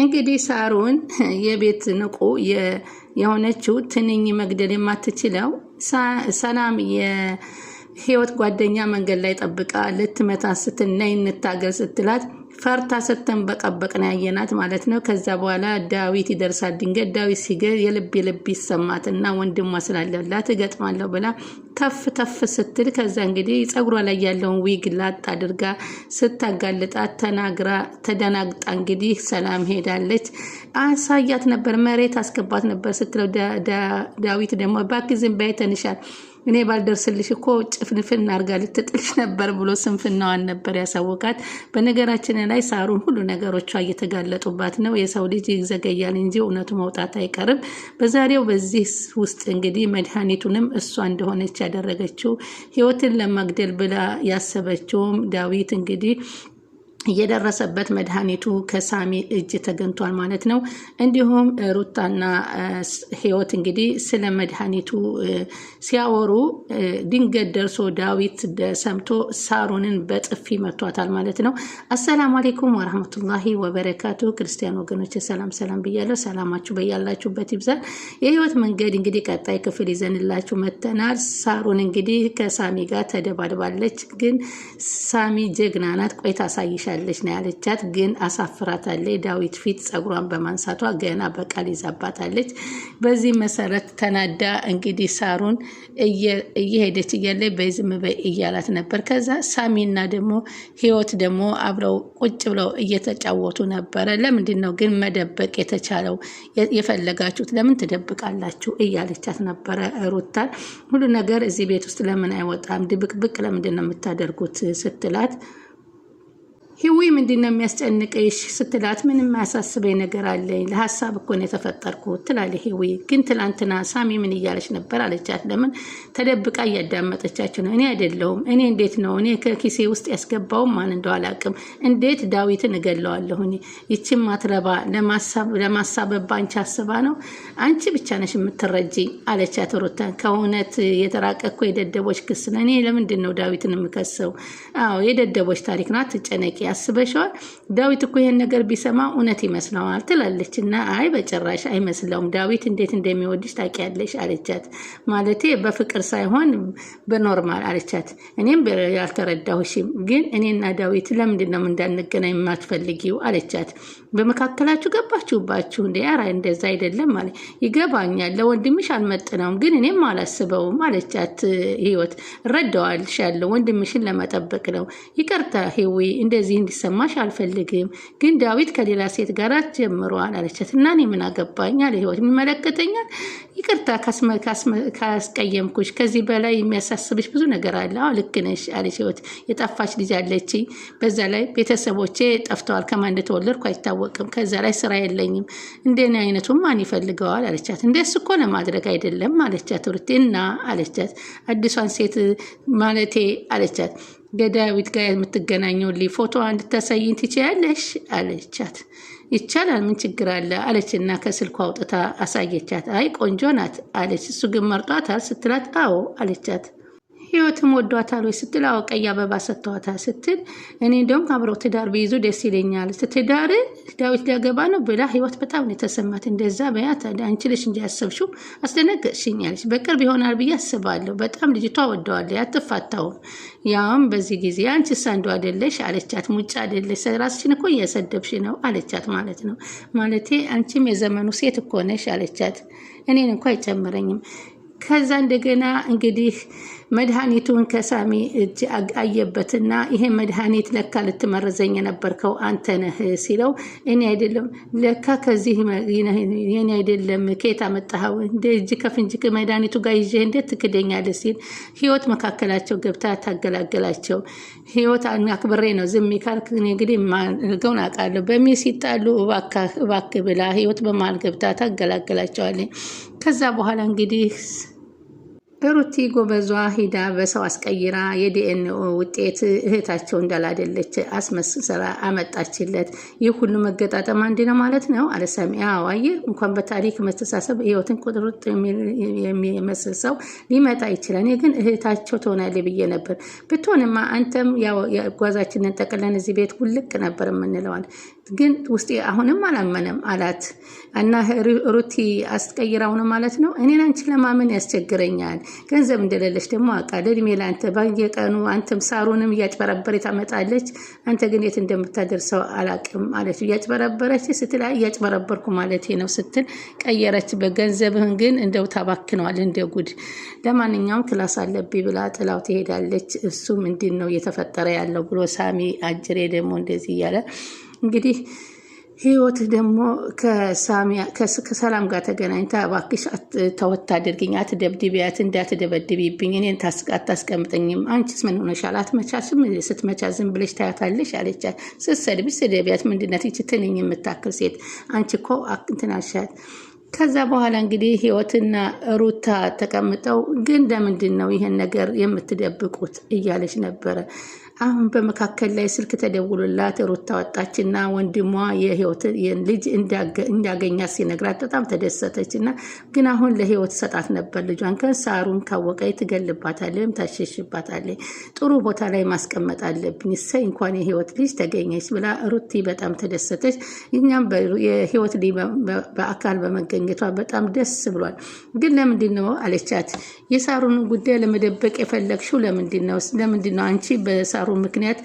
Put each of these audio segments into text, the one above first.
እንግዲህ ሳሩን የቤት ንቁ የሆነችው ትንኝ መግደል የማትችለው ሰላም የህይወት ጓደኛ መንገድ ላይ ጠብቃ ልትመታ ስትል ነይ እንታገል ስትላት ፈርታ ስተንበቀበቅ ነው ያየናት ማለት ነው። ከዛ በኋላ ዳዊት ይደርሳል። ድንገት ዳዊት ሲገር የልብ የልብ ይሰማት እና ወንድሟ ስላለላት እገጥማለሁ ብላ ተፍ ተፍ ስትል ከዛ እንግዲህ ጸጉሯ ላይ ያለውን ዊግ ላጥ አድርጋ ስታጋልጣት ተናግራ ተደናግጣ እንግዲህ ሰላም ሄዳለች። አሳያት ነበር መሬት አስገባት ነበር ስትለው ዳዊት ደግሞ ባክዝም ባይተንሻል እኔ ባልደርስልሽ እኮ ጭፍንፍን አርጋ ልትጥልሽ ነበር ብሎ ስንፍናዋን ነበር ያሳወቃት። በነገራችን ላይ ሳሩን ሁሉ ነገሮቿ እየተጋለጡባት ነው። የሰው ልጅ ይዘገያል እንጂ እውነቱ መውጣት አይቀርም። በዛሬው በዚህ ውስጥ እንግዲህ መድኃኒቱንም እሷ እንደሆነች ያደረገችው ህይወትን ለማግደል ብላ ያሰበችውም ዳዊት እንግዲህ የደረሰበት መድኃኒቱ ከሳሚ እጅ ተገኝቷል ማለት ነው። እንዲሁም ሩታና ህይወት እንግዲህ ስለ መድኃኒቱ ሲያወሩ ድንገት ደርሶ ዳዊት ሰምቶ ሳሩንን በጥፊ መቷታል ማለት ነው። አሰላሙ አሌይኩም ወረህመቱላሂ ወበረካቱ። ክርስቲያን ወገኖች ሰላም ሰላም ብያለሁ። ሰላማችሁ በያላችሁበት ይብዛል። የህይወት መንገድ እንግዲህ ቀጣይ ክፍል ይዘንላችሁ መተናል። ሳሩን እንግዲህ ከሳሚ ጋር ተደባድባለች፣ ግን ሳሚ ጀግና ናት። ቆይታ አሳይሻል ትችያለሽ ነው ያለቻት። ግን አሳፍራታለች። ዳዊት ፊት ጸጉሯን በማንሳቷ ገና በቃል ይዛባታለች። በዚህ መሰረት ተናዳ እንግዲህ ሳሩን እየሄደች እያለ በዝም በይ እያላት ነበር። ከዛ ሳሚና ደግሞ ህይወት ደግሞ አብረው ቁጭ ብለው እየተጫወቱ ነበረ። ለምንድን ነው ግን መደበቅ የተቻለው? የፈለጋችሁት ለምን ትደብቃላችሁ? እያለቻት ነበረ ሩታል። ሁሉ ነገር እዚህ ቤት ውስጥ ለምን አይወጣም? ድብቅብቅ ለምንድን ነው የምታደርጉት? ስትላት ህዊ ምንድን ነው የሚያስጨንቀሽ ስትላት ምንም የማያሳስበኝ ነገር አለኝ ለሀሳብ እኮ ነው የተፈጠርኩት ትላለ ህዊ ግን ትላንትና ሳሚ ምን እያለች ነበር አለቻት ለምን ተደብቃ እያዳመጠቻቸው ነው እኔ አይደለሁም እኔ እንዴት ነው እኔ ከኪሴ ውስጥ ያስገባውም ማን እንደው አላውቅም እንዴት ዳዊትን እገለዋለሁ እኔ ይቺም ማትረባ ለማሳበብ አንቺ አስባ ነው አንቺ ብቻ ነሽ የምትረጂ አለቻት ሩታን ከእውነት የተራቀቅኩ የደደቦች ክስ ነው እኔ ለምንድን ነው ዳዊትን የምከሰው አዎ የደደቦች ታሪክ ነው አትጨነቂ አስበሸዋል። ዳዊት እኮ ይሄን ነገር ቢሰማ እውነት ይመስለዋል ትላለች እና አይ በጭራሽ አይመስለውም፣ ዳዊት እንዴት እንደሚወድሽ ታውቂያለሽ አለቻት። ማለቴ በፍቅር ሳይሆን በኖርማል አለቻት። እኔም ያልተረዳሁሽም፣ ግን እኔና ዳዊት ለምንድን ነው እንዳንገናኝ የማትፈልጊው አለቻት። በመካከላችሁ ገባችሁባችሁ እንዴ? ኧረ እንደዛ አይደለም ማለት ይገባኛል፣ ለወንድምሽ አልመጥነውም፣ ግን እኔም አላስበውም አለቻት። ህይወት እረዳዋልሻለሁ፣ ወንድምሽን ለመጠበቅ ነው። ይቅርታ ህዊ እንደዚህ እንዲሰማሽ አልፈልግም፣ ግን ዳዊት ከሌላ ሴት ጋር ጀምሯል አለቻት እና እኔ ምን አገባኝ አለ ህይወት። የሚመለከተኛል ይቅርታ ካስቀየምኩሽ፣ ከዚህ በላይ የሚያሳስብሽ ብዙ ነገር አለ። አዎ ልክ ነሽ አለች ህይወት። የጠፋች ልጅ አለች በዛ ላይ ቤተሰቦቼ ጠፍተዋል። ከማን እንደተወለድኩ አይታወቅም። ከዛ ላይ ስራ የለኝም። እንደኔ አይነቱ ማን ይፈልገዋል አለቻት። እንደሱ እኮ ለማድረግ አይደለም አለቻት። ርቴ እና አለቻት አዲሷን ሴት ማለቴ አለቻት ከዳዊት ጋር የምትገናኘው ልይ ፎቶ ተሰይን ትችያለሽ አለቻት። ይቻላል ምን ችግር አለ አለችና ከስልኩ አውጥታ አሳየቻት። አይ ቆንጆ ናት አለች። እሱ ግን መርጧታል ስትላት አዎ አለቻት። ህይወትም ወዷታል ወይ ስትል አዎ ቀይ አበባ ሰጥተዋታል ስትል እኔ እንደውም አብረው ትዳር ቢይዙ ደስ ይለኛል። ትዳር ዳዊት ሊያገባ ነው ብላ ህይወት በጣም ነው የተሰማት። እንደዛ በያት አንችልሽ እንጂ ያሰብሽው አስደነገጥሽኝ አለች። በቅርብ ይሆናል ብዬ አስባለሁ። በጣም ልጅቷ ወደዋለ አትፋታውም። ያውም በዚህ ጊዜ አንቺስ አንዱ አደለሽ አለቻት። ሙጫ አደለሽ ራስሽን እኮ እያሰደብሽ ነው አለቻት። ማለት ነው ማለቴ አንቺም የዘመኑ ሴት እኮ ነሽ አለቻት። እኔን እንኳ አይጨምረኝም። ከዛ እንደገና እንግዲህ መድኃኒቱን ከሳሚ እጅ አየበትና ይሄ መድኃኒት ለካ ልትመረዘኝ የነበርከው አንተ ነህ ሲለው እኔ አይደለም ለካ ከዚህ እኔ አይደለም ከየት አመጣኸው? እንደ እጅ ከፍንጅ መድኃኒቱ ጋር ይዤ እንዴት ትክደኛለህ? ሲል ህይወት መካከላቸው ገብታ ታገላገላቸው። ህይወት አክብሬ ነው ዝም ካልክ እንግዲህ ማድረገውን አውቃለሁ በሚል ሲጣሉ እባክህ ብላ ህይወት በመሃል ገብታ ታገላገላቸዋለች። ከዛ በኋላ እንግዲህ ሩቲ ጎበዟ ሂዳ በሰው አስቀይራ የዲኤንኦ ውጤት እህታቸው እንዳላደለች አስመስሰራ አመጣችለት። ይህ ሁሉ መገጣጠም አንድ ነው ማለት ነው አለ ሰሚ። እንኳን በታሪክ መተሳሰብ ህይወትን ቁርጥ የሚመስል ሰው ሊመጣ ይችላል። እኔ ግን እህታቸው ትሆናለች ብዬ ነበር። ብትሆንማ አንተም ጓዛችንን ጠቅለን እዚህ ቤት ውልቅ ነበር የምንለዋል ግን ውስጤ አሁንም አላመነም አላት እና ሩቲ አስቀይራው ማለት ነው። እኔን አንቺ ለማመን ያስቸግረኛል። ገንዘብ እንደሌለች ደግሞ አውቃል። እድሜ ለአንተ በየቀኑ አንተም ሳሩንም እያጭበረበረ ታመጣለች። አንተ ግን የት እንደምታደርሰው አላቅም አለች። እያጭበረበረች ስትል እያጭበረበርኩ ማለት ነው ስትል ቀየረች። በገንዘብህን ግን እንደው ታባክነዋል እንደ ጉድ። ለማንኛውም ክላስ አለብኝ ብላ ጥላው ትሄዳለች። እሱ ምንድን ነው እየተፈጠረ ያለው ብሎ ሳሚ አጅሬ ደግሞ እንደዚህ እያለ እንግዲህ ህይወት ደግሞ ከሰላም ጋር ተገናኝታ እባክሽ ተወት አድርግኝ፣ አትደብድቢያት፣ እንዳትደበድቢብኝ፣ እኔን አታስቀምጠኝም። አንቺስ ምን ሆነሻል? አትመቻችም? ስትመቻ ዝም ብለሽ ታያታለሽ አለቻት። ስትሰድብሽ ስደቢያት፣ ምንድነት ይች ትንኝ የምታክል ሴት አንቺ እኮ እንትን ከዛ በኋላ እንግዲህ ህይወትና ሩታ ተቀምጠው ግን ለምንድን ነው ይህን ነገር የምትደብቁት እያለች ነበረ አሁን በመካከል ላይ ስልክ ተደውሎላት ሩታ ወጣችና ወንድሟ የህይወት ልጅ እንዳገኛት ሲነግራት በጣም ተደሰተች እና ግን አሁን ለህይወት ሰጣት ነበር ልጇን ሳሩን ካወቀ ትገልባታለች፣ ታሸሽባታለች። ጥሩ ቦታ ላይ ማስቀመጥ አለብኝ። እሰይ እንኳን የህይወት ልጅ ተገኘች ብላ ሩቲ በጣም ተደሰተች። እኛም የህይወት ልጅ በአካል በመገኘቷ በጣም ደስ ብሏል። ግን ለምንድን ነው አለቻት። የሳሩን ጉዳይ ለመደበቅ የፈለግሽው ለምንድን ነው? ለምንድን ነው አንቺ በሳሩ ምክንያት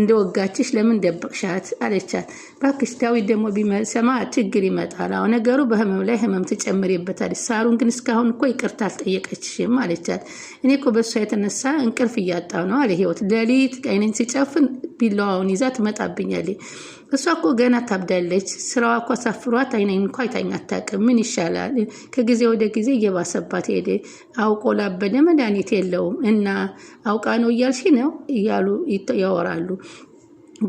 እንደወጋችሽ ለምን ደበቅሻት አለቻት። ባክሽ ዳዊት ደግሞ ቢሰማ ችግር ይመጣል። አዎ ነገሩ በህመም ላይ ህመም ትጨምሬበታል። ሳሩን ግን እስካሁን እኮ ይቅርታ አልጠየቀችሽም አለቻት። እኔ እኮ በእሷ የተነሳ እንቅልፍ እያጣሁ ነው አለ ህይወት። ሌሊት ቀይነኝ ሲጨፍን ቢላዋውን ይዛ ትመጣብኛለች። እሷ እኮ ገና ታብዳለች። ስራዋ እኮ አሳፍሯት አይነ እንኳ አይታኝ አታውቅም። ምን ይሻላል? ከጊዜ ወደ ጊዜ እየባሰባት ሄደ። አውቆ ላበደ መድኃኒት የለውም እና አውቃ ነው እያልሽ ነው እያሉ ያወራሉ።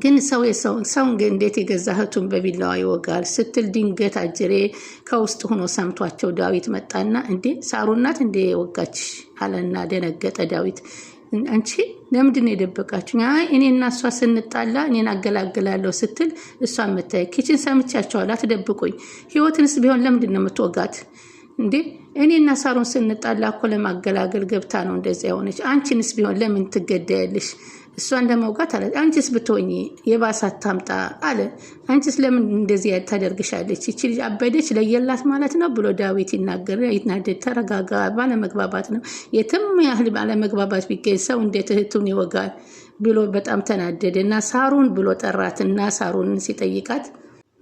ግን ሰው የሰው ሰው እንዴት የገዛ እህቱን በቢላዋ ይወጋል? ስትል ድንገት አጅሬ ከውስጥ ሆኖ ሰምቷቸው ዳዊት መጣና እንዴ ሳሩናት እንዴ ወጋች አለና ደነገጠ ዳዊት። አንቺ ለምንድን ነው አይ እኔ እና እሷ ስንጣላ እኔን አገላግላለሁ ስትል እሷ መታየ ኪችን ሰምቻቸዋል። አትደብቁኝ። ህይወትንስ ቢሆን ለምንድን ነው የምትወጋት እንዴ? እኔ እና ሳሮን ስንጣላ እኮ ለማገላገል ገብታ ነው እንደዚያ የሆነች። አንቺንስ ቢሆን ለምን ትገዳያለሽ? እሷን ለመውጋት አለ። አንቺስ ብትሆኚ የባሰ አታምጣ አለ። አንቺስ ለምን እንደዚህ ታደርግሻለች? ይቺ ልጅ አበደች ለየላት ማለት ነው ብሎ ዳዊት ይናገር ይናደድ። ተረጋጋ። ባለመግባባት ነው። የትም ያህል ባለመግባባት ቢገኝ ሰው እንዴት እህቱን ይወጋል? ብሎ በጣም ተናደደ እና ሳሩን ብሎ ጠራትና ሳሩን ሲጠይቃት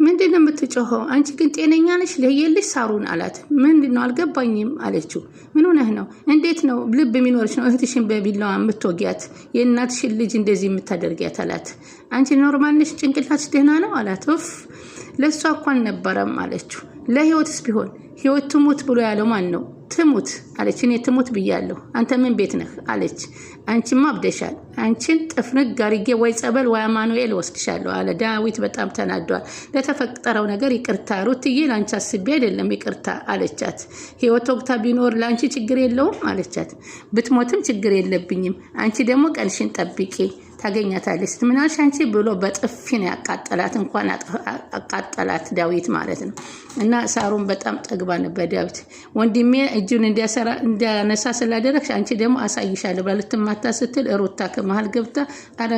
ምንድን ነው የምትጮኸው? አንቺ ግን ጤነኛ ነሽ? ለየልሽ ሳሩን አላት። ምንድን ነው አልገባኝም አለችው። ምን ሆነህ ነው? እንዴት ነው ልብ የሚኖርሽ ነው እህትሽን በቢላዋ የምትወጊያት የእናትሽን ልጅ እንደዚህ የምታደርጊያት አላት። አንቺ ኖርማል ነሽ? ጭንቅላትሽ ደህና ነው አላት። ፍ ለእሷ እኮ አልነበረም አለችው። ለህይወትስ ቢሆን ህይወት ትሙት ብሎ ያለው ማን ነው? ትሙት አለች። እኔ ትሙት ብያለሁ፣ አንተ ምን ቤት ነህ አለች። አንቺማ አብደሻል፣ አንቺን ጥፍንግ አርጌ ወይ ጸበል ወይ አማኑኤል ወስድሻለሁ አለ። ዳዊት በጣም ተናዷል። ለተፈጠረው ነገር ይቅርታ ሩትዬ፣ ለአንቺ አስቤ አይደለም ይቅርታ አለቻት። ህይወት ወቅታ ቢኖር ለአንቺ ችግር የለውም አለቻት። ብትሞትም ችግር የለብኝም፣ አንቺ ደግሞ ቀንሽን ጠብቄ ታገኛታለች ስትምናልሽ አንቺ ብሎ በጥፊ ነው ያቃጠላት። እንኳን አቃጠላት ዳዊት ማለት ነው። እና ሳሩን በጣም ጠግባ ነበር። ዳዊት ወንድሜ እጁን እንዲያነሳ ስላደረግሽ አንቺ ደግሞ አሳይሻለሁ ብላ ልትማታ ስትል ሩታ ከመሀል ገብታ አረ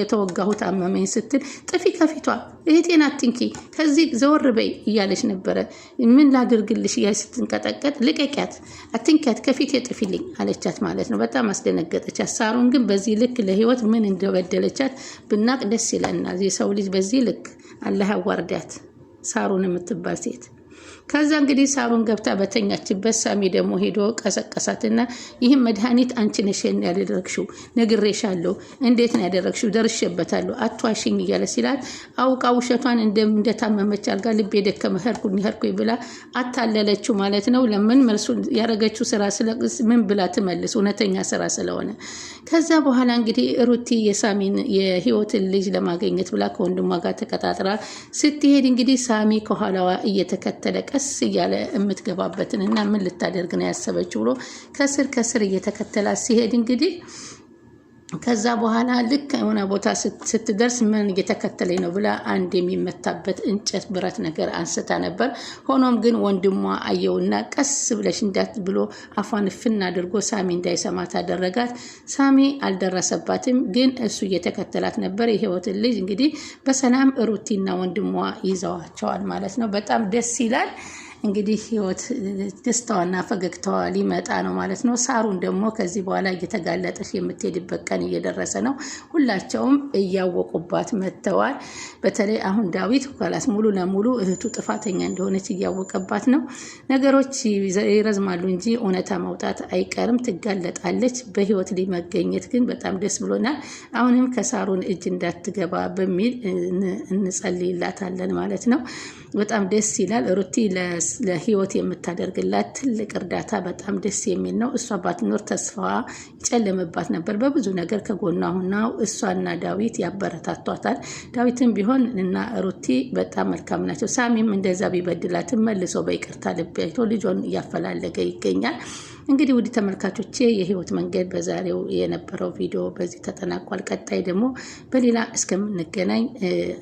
የተወጋሁት አመመኝ ስትል ጥፊ ከፊቷ እህቴን አትንኪ፣ ከዚህ ዘወር በይ እያለች ነበረ። ምን ላድርግልሽ እያለች ስትንቀጠቀጥ ልቀቂያት፣ አትንኪያት፣ ከፊቴ ጥፊልኝ አለቻት ማለት ነው። በጣም አስደነገጠቻት። ሳሩን ግን በዚህ ልክ ለህይወት ምን እንደበደለቻት ብናቅ ደስ ይለናል። የሰው ልጅ በዚህ ልክ አላህ ያዋርዳት። ሳሩን የምትባል ሴት ከዛ እንግዲህ ሳሎን ገብታ በተኛችበት ሳሚ ደግሞ ሄዶ ቀሰቀሳትና ይህም መድኃኒት አንቺ ነሽ ያደረግሽው፣ ነግሬሻለሁ፣ እንዴት ነው ያደረግሽው? ደርሼበታለሁ፣ አትዋሽኝ እያለ ሲላት አውቃ ውሸቷን እንደታመመች አልጋ ልብ የደከመ ሄድኩኝ ሄድኩኝ ብላ አታለለችው ማለት ነው። ለምን መልሱ ያደረገችው ስራ ምን ብላ ትመልስ? እውነተኛ ስራ ስለሆነ ከዛ በኋላ እንግዲህ ሩቲ የሳሚን የህይወትን ልጅ ለማገኘት ብላ ከወንድሟ ጋር ተቀጣጥራ ስትሄድ እንግዲህ ሳሚ ከኋላዋ እየተከተ እየተከታተለ ቀስ እያለ የምትገባበትን እና ምን ልታደርግ ነው ያሰበች ብሎ ከስር ከስር እየተከተላት ሲሄድ እንግዲህ ከዛ በኋላ ልክ የሆነ ቦታ ስትደርስ ምን እየተከተለኝ ነው ብላ አንድ የሚመታበት እንጨት ብረት ነገር አንስታ ነበር። ሆኖም ግን ወንድሟ አየውና ቀስ ብለሽ እንዳት ብሎ አፏን ፍና አድርጎ ሳሚ እንዳይሰማት አደረጋት። ሳሚ አልደረሰባትም፣ ግን እሱ እየተከተላት ነበር። የህይወትን ልጅ እንግዲህ በሰላም ሩቲና ወንድሟ ይዘዋቸዋል ማለት ነው። በጣም ደስ ይላል። እንግዲህ ህይወት ደስታዋና ፈገግታዋ ሊመጣ ነው ማለት ነው። ሳሩን ደግሞ ከዚህ በኋላ እየተጋለጠች የምትሄድበት ቀን እየደረሰ ነው። ሁላቸውም እያወቁባት መጥተዋል። በተለይ አሁን ዳዊት ኋላስ ሙሉ ለሙሉ እህቱ ጥፋተኛ እንደሆነች እያወቀባት ነው። ነገሮች ይረዝማሉ እንጂ እውነታ መውጣት አይቀርም። ትጋለጣለች። በህይወት ሊመገኘት ግን በጣም ደስ ብሎናል። አሁንም ከሳሩን እጅ እንዳትገባ በሚል እንጸልይላታለን ማለት ነው። በጣም ደስ ይላል። ሩቲ ለህይወት የምታደርግላት ትልቅ እርዳታ በጣም ደስ የሚል ነው። እሷ ባትኖር ተስፋዋ ይጨለምባት ነበር። በብዙ ነገር ከጎኗ ሁና እሷና ዳዊት ያበረታቷታል። ዳዊትም ቢሆን እና ሩቲ በጣም መልካም ናቸው። ሳሚም እንደዛ ቢበድላትም መልሶ በይቅርታ ልቤቶ ልጆን እያፈላለገ ይገኛል። እንግዲህ ውድ ተመልካቾቼ የህይወት መንገድ በዛሬው የነበረው ቪዲዮ በዚህ ተጠናቋል። ቀጣይ ደግሞ በሌላ እስከምንገናኝ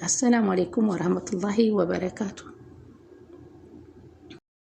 አሰላሙ አሌይኩም ወረህመቱላሂ ወበረካቱ።